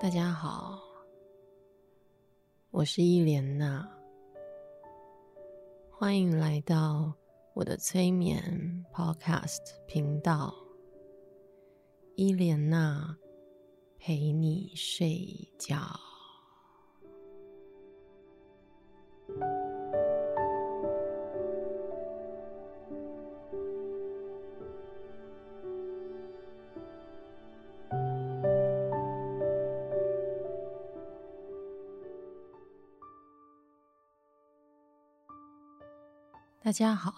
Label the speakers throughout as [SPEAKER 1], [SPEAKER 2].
[SPEAKER 1] 大家好，我是伊蓮娜，歡迎來到我的催眠 Podcast 頻道，伊蓮娜陪你睡覺。大家好，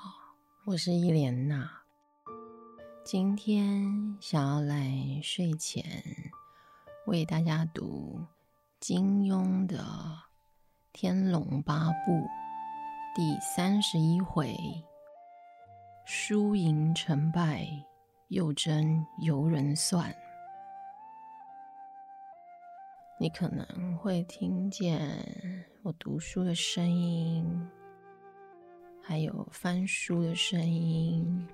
[SPEAKER 1] 我是伊蓮娜，今天想要來睡前為大家讀金庸的《天龍八部》第三十一回：“輸贏成敗，又爭由人算。”你可能會聽見我讀書的聲音。還有翻書的聲音，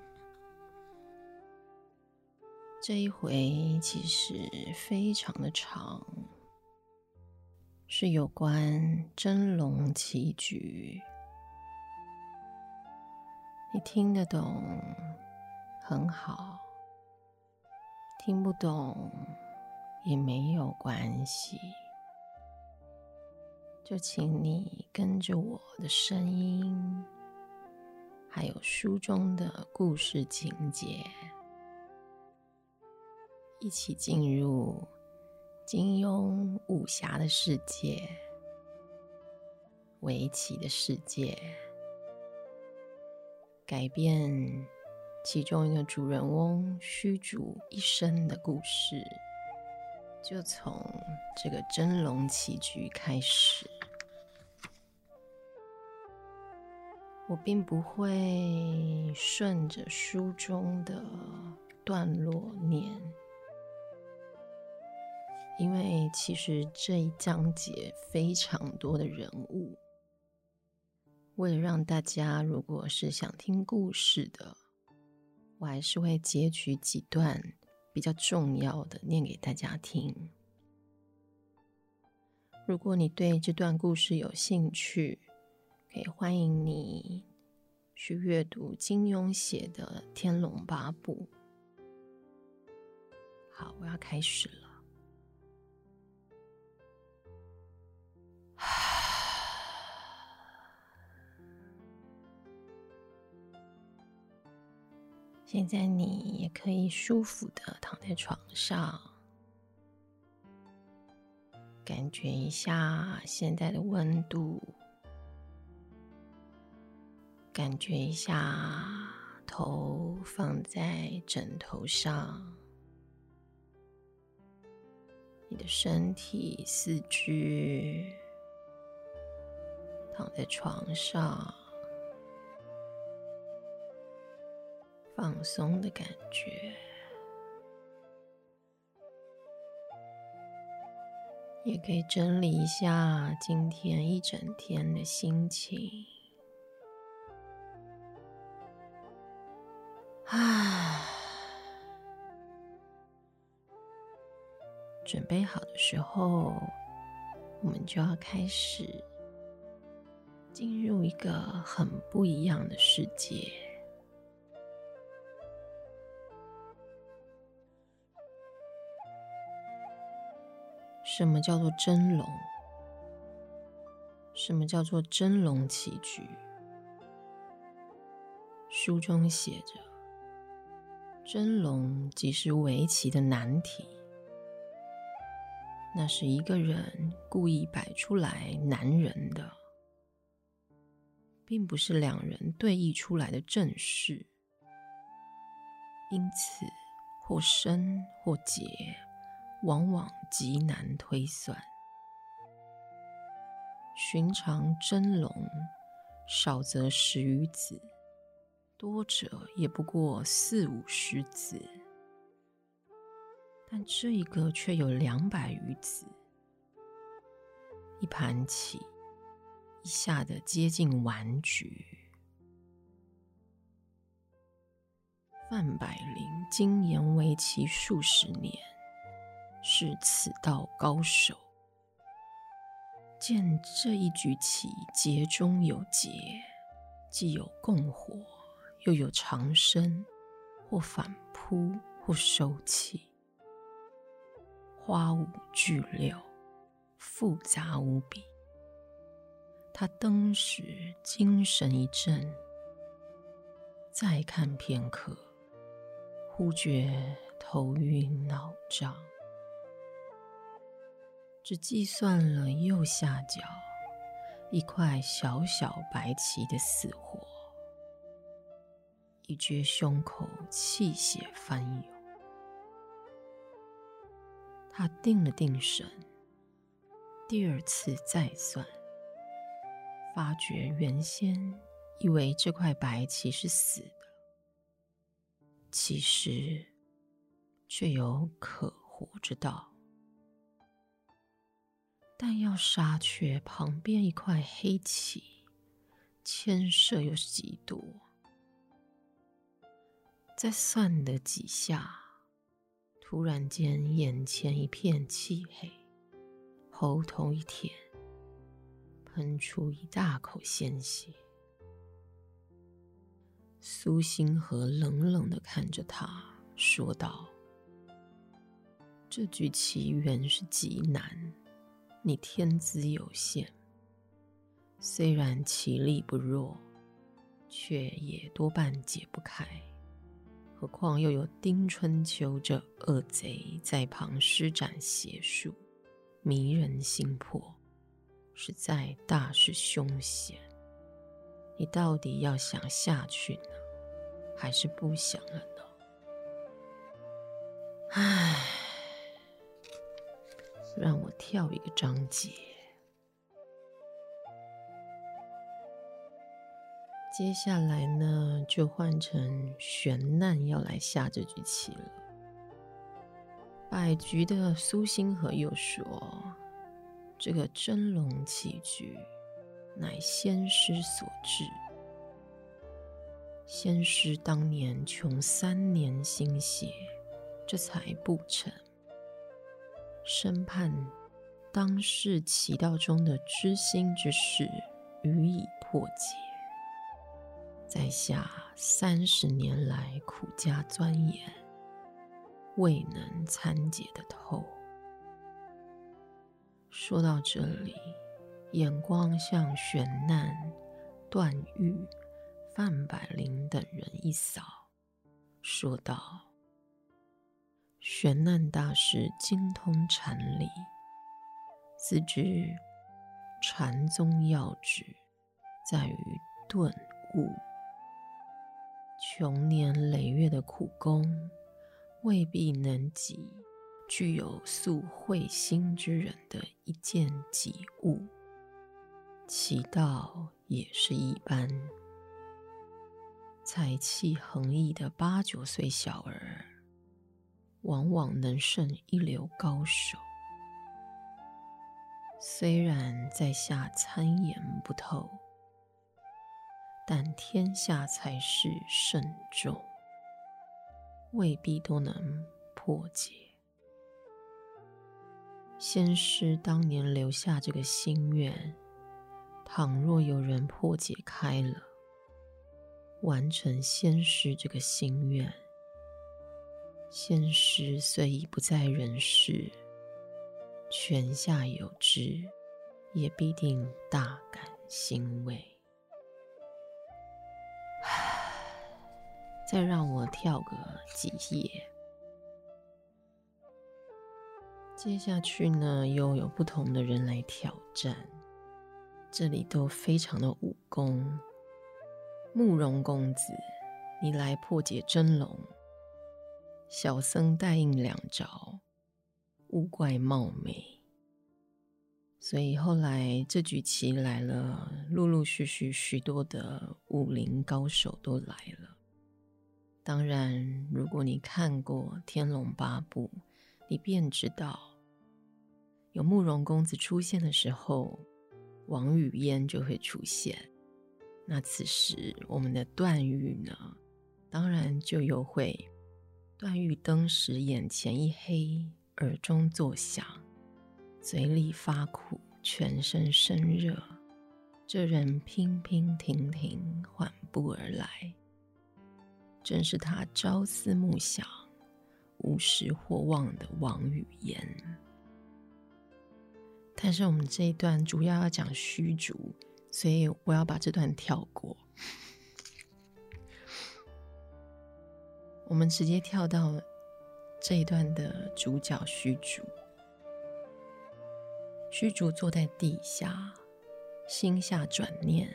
[SPEAKER 1] 這一回其實非常的長，是有關珍瓏棋局。你聽得懂，很好；聽不懂也沒有關係，就請你跟着我的聲音。還有書中的故事情節，一起進入金庸武俠的世界、圍棋的世界，改變其中一個主人翁虛竹一生的故事，就從這個珍瓏棋局開始。我並不會順着書中的段落念，因為其實這一章節非常多的人物。為了讓大家，如果是想聽故事的，我還是會截取幾段比較重要的念給大家聽。如果你對這段故事有興趣，也歡迎你去閱讀金庸寫的《天龍八部》。好，我要開始了。現在你也可以舒服的躺在床上，感覺一下現在的溫度。感覺一下，頭放在枕頭上，你的身體四肢躺在床上，放鬆的感覺，也可以整理一下今天一整天的心情。準備好的時候，我們就要開始進入一個很不一樣的世界。什麼叫做珍瓏？什麼叫做珍瓏棋局？書中寫着：“珍瓏即是圍棋的難題。”那是一個人故意擺出來難人的，並不是兩人對弈出來的陣勢，因此或生或劫，往往極難推算。尋常珍瓏，少則十餘子，多者也不過四五十子。但這一個卻有兩百餘子，一盤棋，一下的接近完局。范百齡精研圍棋數十年，是此道高手。見這一局棋，劫中有劫，既有共活，又有長生，或反撲，或收氣。花五聚六，複雜無比。他登時精神一振，再看片刻，忽覺頭暈腦脹，只計算了右下角一塊小小白棋的死活，已覺胸口氣血翻湧。他定了定神，第二次再算，發覺原先以為這塊白棋是死的，其實卻有可活之道。但要殺卻旁邊一塊黑棋，牽涉又是幾多，再算了幾下。突然間，眼前一片漆黑，喉頭一甜，噴出一大口鮮血。蘇星河冷冷的看着他，說道：“這局棋原是極難，你天資有限，雖然棋力不弱，卻也多半解不開。”何況又有丁春秋這惡賊在旁施展邪術，迷人心魄，實在大是凶險。你到底要想下去呢，還是不想了呢？唉，讓我跳一個章節。接下來呢，就換成玄難要來下這局棋了。百局的蘇星河又說：“這個珍瓏棋局，乃先師所制。先師當年窮三年心血，這才布成，深盼當世棋道中的知心之事，予以破解。”在下三十年來苦加鑽研，未能參解得透。說到這裡，眼光向玄難、段譽、范百齡等人一掃，說道：“玄難大師精通禪理，自知禪宗要旨在於頓悟。”窮年累月的苦功未必能及具有素慧心之人的一見即悟，其道也是一般。才氣橫溢的八九歲小兒，往往能勝一流高手。雖然在下參研不透。但天下才是甚眾，未必都能破解。先師當年留下這個心願，倘若有人破解開了，完成先師這個心願，先師雖已不在人世，泉下有知，也必定大感欣慰。再讓我跳個幾頁，接下去呢，又有不同的人來挑戰，這裡都非常的武功。慕容公子，你來破解珍瓏，小僧代應兩招，勿怪冒昧。所以後來這局棋來了，陸陸續續許多的武林高手都來了。當然，如果你看過《天龍八部》，你便知道，有慕容公子出現的時候，王語嫣就會出現。那此時，我們的段譽呢？當然就有會。段譽登時眼前一黑，耳中作響，嘴裡發苦，全身生熱。這人娉娉婷婷，緩步而來。正是他朝思暮想，無時或忘的王語嫣。但是我們這一段主要要講虛竹，所以我要把這段跳過。我們直接跳到這一段的主角虛竹。虛竹坐在地下，心下轉念：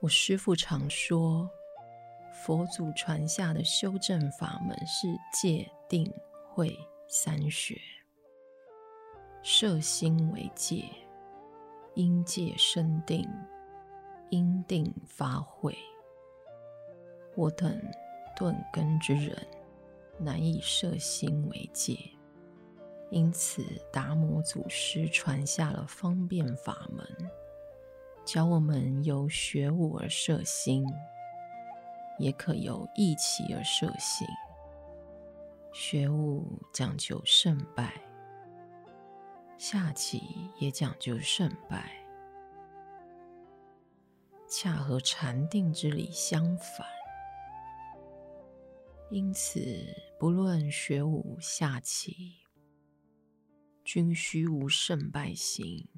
[SPEAKER 1] 我師父常說，佛祖傳下的修正法門是戒定慧三學，攝心為戒，因戒生定，因定發慧。我等鈍根之人難以攝心為戒，因此達摩祖師傳下了方便法門，教我們由學武而攝心。也可由意氣而設性，學武講究勝敗，下棋也講究勝敗，恰和禪定之理相反。因此，不論學武下棋，均須無勝敗心。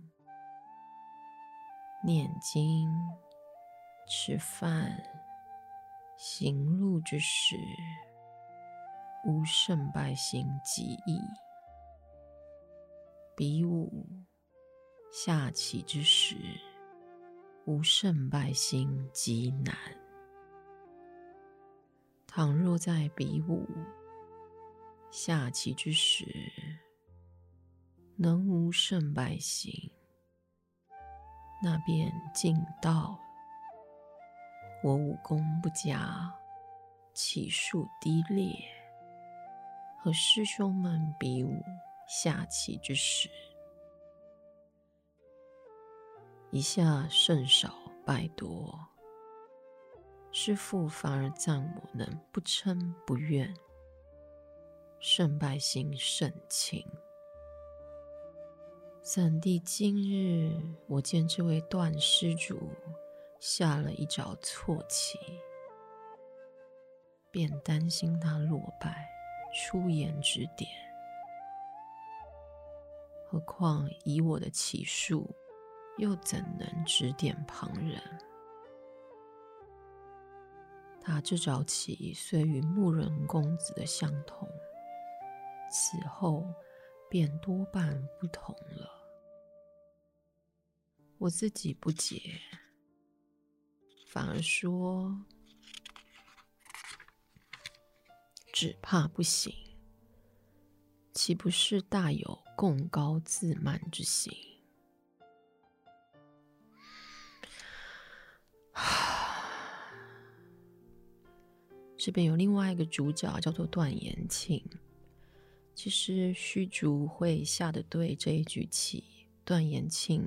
[SPEAKER 1] 念經、吃飯。行路之時，無勝敗心即易；比武、下棋之時，無勝敗心即難。倘若在比武、下棋之時能無勝敗心，那便近道了。我武功不佳，棋術低劣，和師兄們比武下棋之時，以下勝少敗多。師父反而贊我能不嗔不怨，勝敗心甚輕。怎地今日我見這位段施主，下了一招錯棋，便擔心他落敗，出言指點。何況以我的棋術，又怎能指點旁人？他這招棋雖與慕容公子的相同，此後便多半不同了。我自己不解。反而說，只怕不行，豈不是大有貢高自滿之心？這邊有另外一個主角叫做段延慶，其實虛竹會下的對這一局棋，段延慶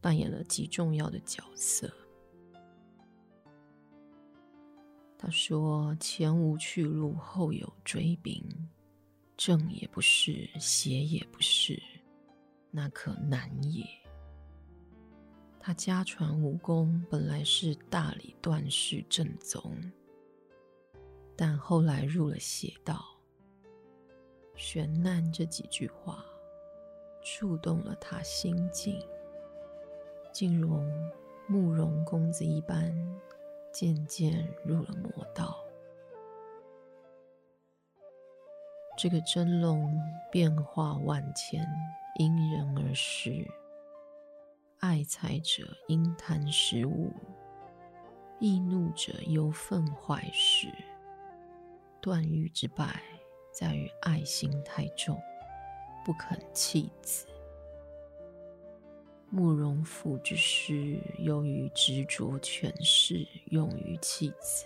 [SPEAKER 1] 扮演了極重要的角色。他說：“前無去路，後有追兵，正也不是，邪也不是，那可難也。”他家傳武功本來是大理段氏正宗，但後來入了邪道。玄難這幾句話觸動了他心境，竟如慕容公子一般。漸漸入了魔道。這個珍瓏變化萬千，因人而施。愛財者因貪失誤，易怒者憂憤壞事。段譽之敗，在於愛心太重，不肯棄子。慕容複之失，由於執着權勢，用於棄子，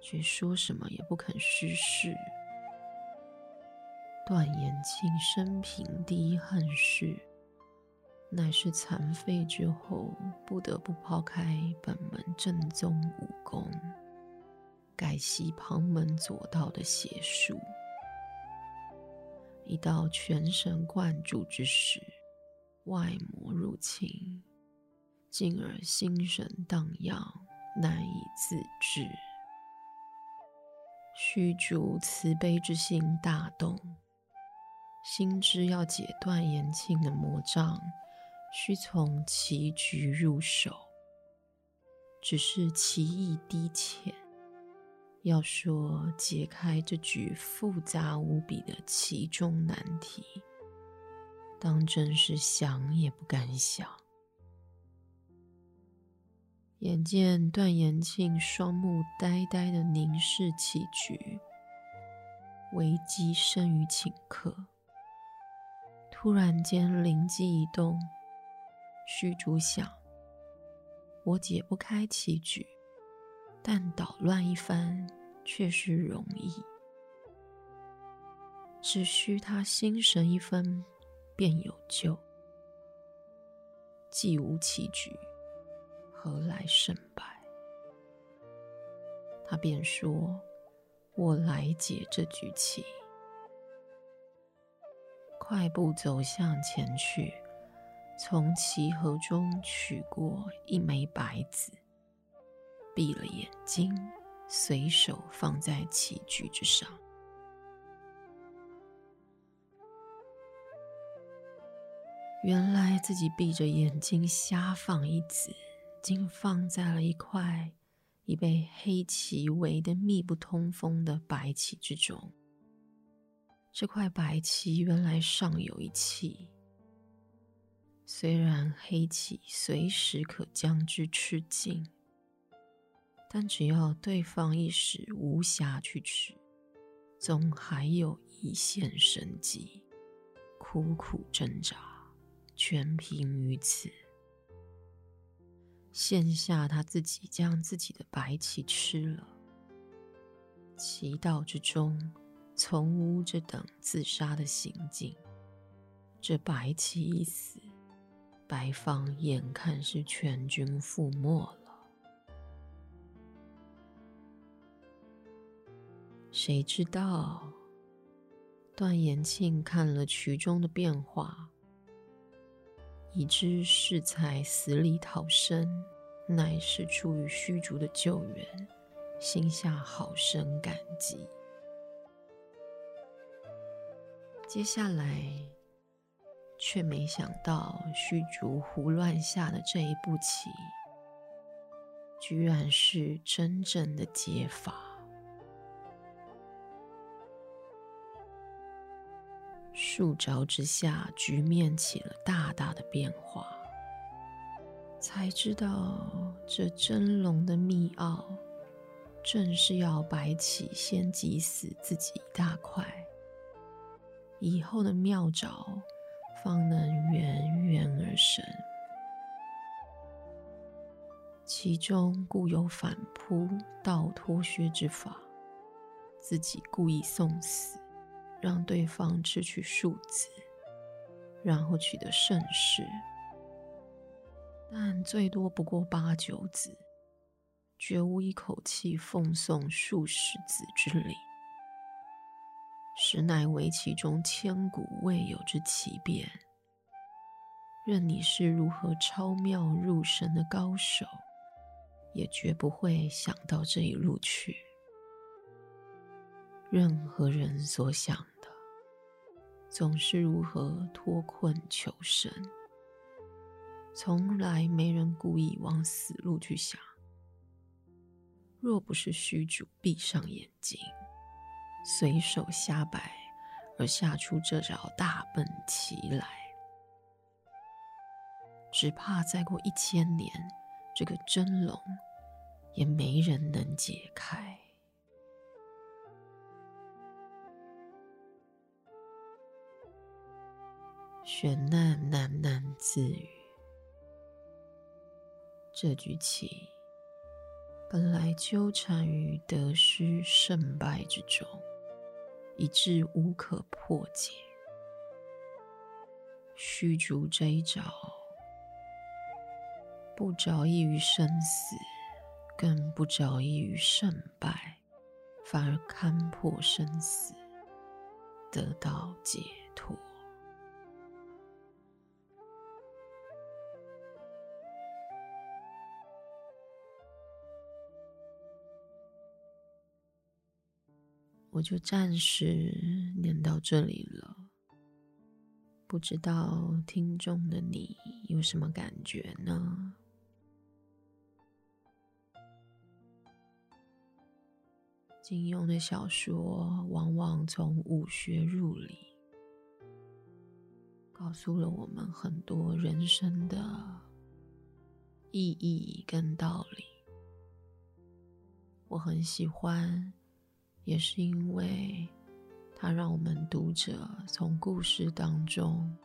[SPEAKER 1] 卻說什麼也不肯失勢。段延慶生平第一恨事，乃是殘廢之後，不得不拋開本門正宗武功，改習旁門左道的邪術。一到全神貫注之時。外魔入侵，進而心神蕩漾，難以自制。虛竹慈悲之心大動，心知要解段延慶的魔障，需從棋局入手。只是棋藝低淺，要說解開這局複雜無比的棋中難題。當真是想也不敢想。眼見段延慶雙目呆呆的凝視棋局，危機生於頃刻。突然間靈機一動，虛竹想：我解不開棋局，但搗亂一番卻是容易。只需他心神一分。便有救，既無棋局，何來勝敗？他便說：“我來解這局棋。”快步走向前去，從棋盒中取過一枚白子，閉了眼睛，隨手放在棋局之上。原來自己閉着眼睛瞎放一子，竟放在了一塊已被黑棋圍得密不通風的白棋之中。這塊白棋原來尚有一氣，雖然黑棋隨時可將之吃尽，但只要對方一時無暇去吃，總還有一線生機，苦苦掙扎。全憑於此，現下他自己將自己的白棋吃了。棋道之中，從無這等自殺的行徑。這白棋一死，白方眼看是全軍覆沒了。誰知道段延慶看了局中的變化？已知適才死裡逃生，乃是出於虛竹的救援，心下好生感激。接下來，卻沒想到虛竹胡亂下的這一步棋，居然是真正的解法。數招之下，局面起了大大的變化，才知道這珍瓏的秘奧，正是要白棋先擠死自己一大塊，以後的妙招方能源源而生。其中固有反撲、倒脫靴之法，自己故意送死。讓對方吃去數子，然後取得勝勢，但最多不過八九子，絕無一口氣奉送數十子之理。實乃圍棋中千古未有之奇變。任你是如何超妙入神的高手，也絕不會想到這一路去。任何人所想。總是如何脫困求生，從來沒人故意往死路去想。若不是虛竹閉上眼睛，隨手瞎擺，而下出這招大笨棋來，只怕再過一千年，這個珍瓏也沒人能解開。玄難喃喃自語：“這局棋本來糾纏於得失、勝敗之中，以致無可破解。虛竹這一招，不着意於生死，更不着意於勝敗，反而勘破生死，得到解脫。”我就暫時念到這裡了。不知道聽眾的你有什麼感覺呢？金庸的小說往往從武學入裡，告訴了我們很多人生的意義跟道理。我很喜歡。也是因為，它讓我們讀者從故事當中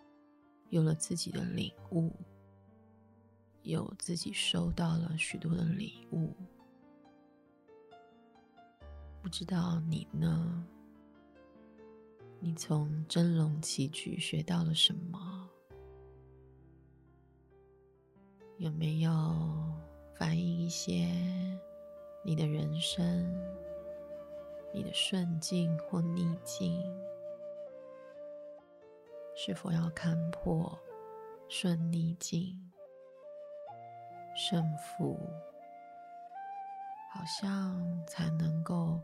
[SPEAKER 1] 有了自己的領悟，有自己收到了許多的禮物。不知道你呢？你從《珍瓏棋局》學到了什麼？有沒有反映一些你的人生？你的順境或逆境，是否要看破順逆境勝負，好像才能夠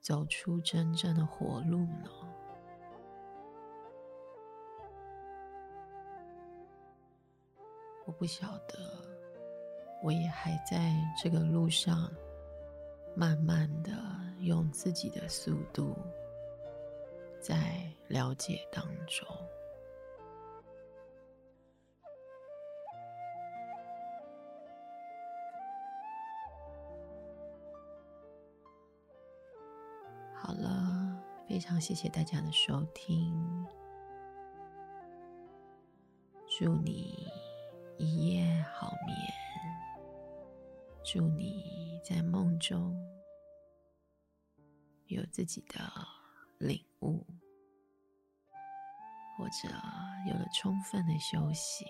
[SPEAKER 1] 走出真正的活路呢？我不曉得，我也還在這個路上，慢慢的。用自己的速度，在了解當中。好了，非常謝謝大家的收聽，祝你一夜好眠，祝你在夢中。有自己的領悟，或者有了充分的休息。